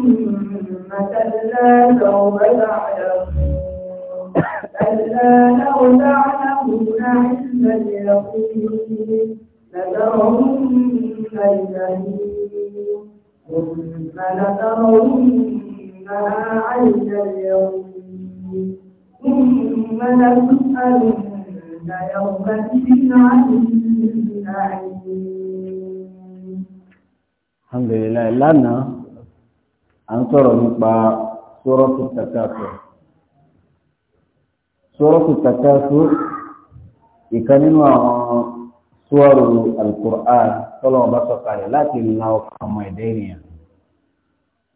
ثم كلا سوف تعلمون كلا لو تعلمون علم اليقين لترون الجحيم ثم لترونها عين اليقين ثم لتسألن يومئذ عن النعيم الحمد لله lánàá à ń sọ̀rọ̀ nípa sórọ́tù takasur sórọ́tù takasur ìkan nínú àwọn sùwárù alukur'an tọ́lọ́ ọba sọ̀kalẹ̀ láti la ọkàn ọmọ ẹ̀dá ènìyàn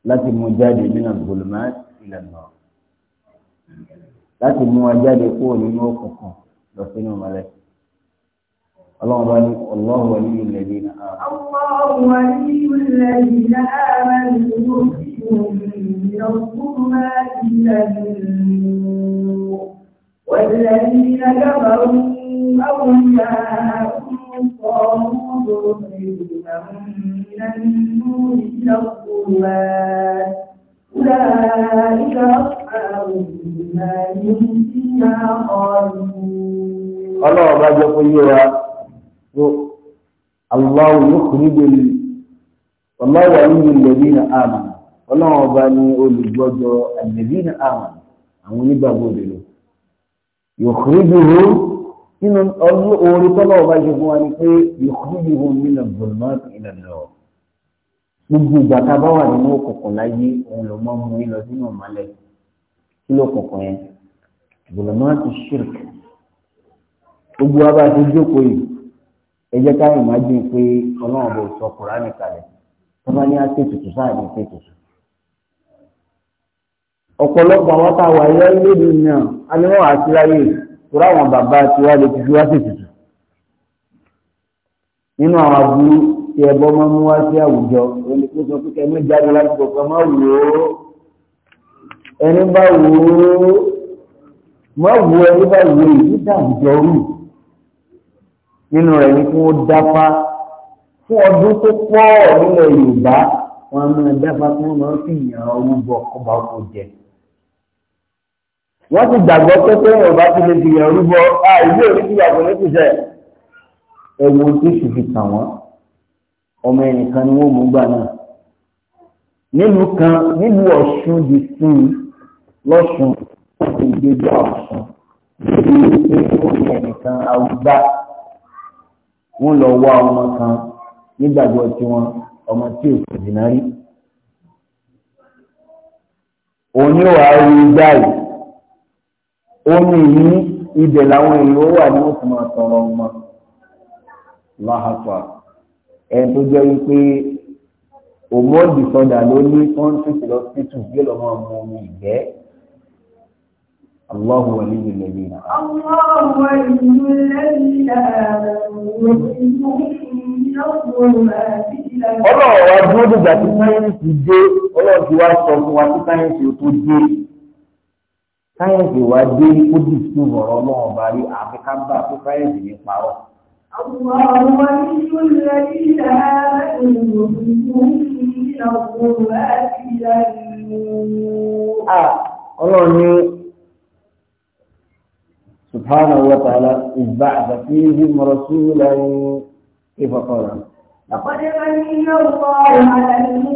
láti mú jáde nínú gbòlùmọ́ ìlànà láti mú wa jáde kúrò nínú òkùnkùn lọ sínú mọ́lẹ̀. اللهم بارك الله ولي الذين آمنوا الله ولي الذين آمنوا الظلمات إلى النور والذين كفروا أولياءهم الطاغوت يخرجونهم من النور إلى الظلمات أولئك أصحاب النار هم فيها خالدون الله ما جاء الله يخرج والله ولي الذين آمنوا ọlọ́run ọba ni olùgbọ́dọ̀ àdèbínà àwọn àwọn onígbàgbọ́ òdòdó yòkúrúdùrú nínú ọdún orí tọ́lọ́ ọba ṣe fún wa ni pé yòkúrúdùrú nínú bọ̀lmọ́tì ìlànà gbogbo ìgbà tá a bá wà nínú òkùnkùn láyé òun ló máa ń mú yín lọ sínú ìmọ́lẹ̀ kí ló kùnkùn yẹn bọ̀lmọ́tì ṣírk gbogbo wa ti jókòó yìí ẹ jẹ́ ká ìmájì pé ọlọ́run bò sọ kùránì kalẹ̀ tó ní á ṣètùtù sáà ní ṣètùtù ọ̀pọ̀lọpọ̀ àwọn tá a wà yẹ́ lédi náà a ní wọ́n wà sí láyé ìtura àwọn bàbá tí wá lè fi fi wá sí tutù nínú àwọn aburú tí ẹbọ máa mú wá sí àwùjọ ẹni tó sọ pé kẹmí jáde láti kọkọ má wò ó ẹni bá wò ó má wò ẹni bá wò èyí nígbà àwùjọ rù nínú rẹ̀ ni kí wọ́n dáfá fún ọdún tó pọ̀ nílẹ̀ Yorùbá wọn máa dáfá kí wọ́n máa fi ìyàn ọwọ́ bọ ọba ọkọ̀ jẹ wọ́n ti gbàgbọ́ pé pé ọba ti lè dìyàn rúbọ àìlú òní ti yàgò lẹ́kùsẹ̀ ẹ̀wù tí sì fi kàn wọ́n ọmọ ẹnìkan ni wọ́n mú gbà náà nílùú kan nílùú ọ̀ṣun di sí i lọ́ṣun wọ́n ti gbé gbà ọ̀ṣun nítorí pé ó ní ẹnìkan àwùgbá wọ́n lọ wá ọmọ kan nígbàgbọ́ tiwọn ọmọ tí ò sì dìnnà rí òun ni wàá rí gbà yìí omi yìí ibẹ̀ làwọn èèyàn wà ní oṣù máa tọrọ ọmọ láhàpá ẹni tó jẹ́ wípé òmóòdì sọdà ló ní kọ́ńtìtì lọ sí tù gbé lọ́mọ ọmọ omi ìgbẹ́ Allahu waliyyu alladhina. Allahu waliyyu Ọlọ́run wa dúró dìgbà tí sáyẹ́ǹsì dé, Ọlọ́run ti wá sọ fún wa tí sáyẹ́ǹsì ó tó dé sáyẹ̀nsì wa dé kó dì sí ọ̀rọ̀ náà bá rí àfi ká bá fún sáyẹ̀nsì ní parọ́. Ọlọ́run ní Subhanahu wa ta'ala ìgbà àgbàtí ìhí mọ̀rọ̀ sí lẹ́yìn ìfọ̀kànlá. Àpàdé máa ń ní ọ̀pọ̀ àlàyé ní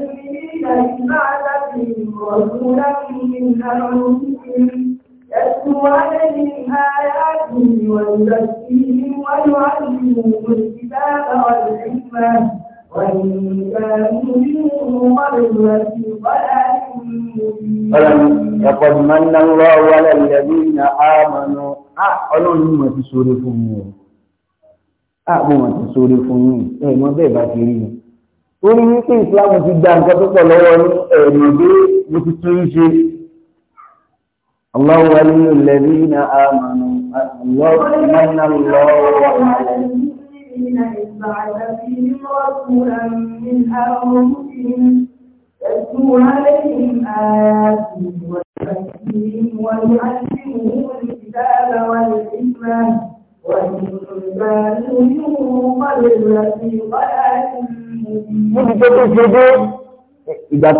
ìgbà ìgbà àgbàtí ìmọ̀ràn tó láti ní ìlànà ìgbà. ويزكيهم ويعلمهم الكتاب والحكمة وإن كانوا من قبل في ضلال ọlọ́run ti sóre fún mi o ti sóre fún mi ẹ̀ mọ́ bẹ́ẹ̀ bá ti rí mi ó ní wípé ìsìláàmù ti gba nǹkan tó pọ̀ lọ́wọ́ ní ẹ̀rọ bí mo ti tún ń ṣe الله ولي الذين آمنوا الله من الله على الذين بعث فيهم رسولا من يتلو عليهم آياته ويعلمهم الكتاب والحكمة وإن كانوا من قبل لفي ضلال مبين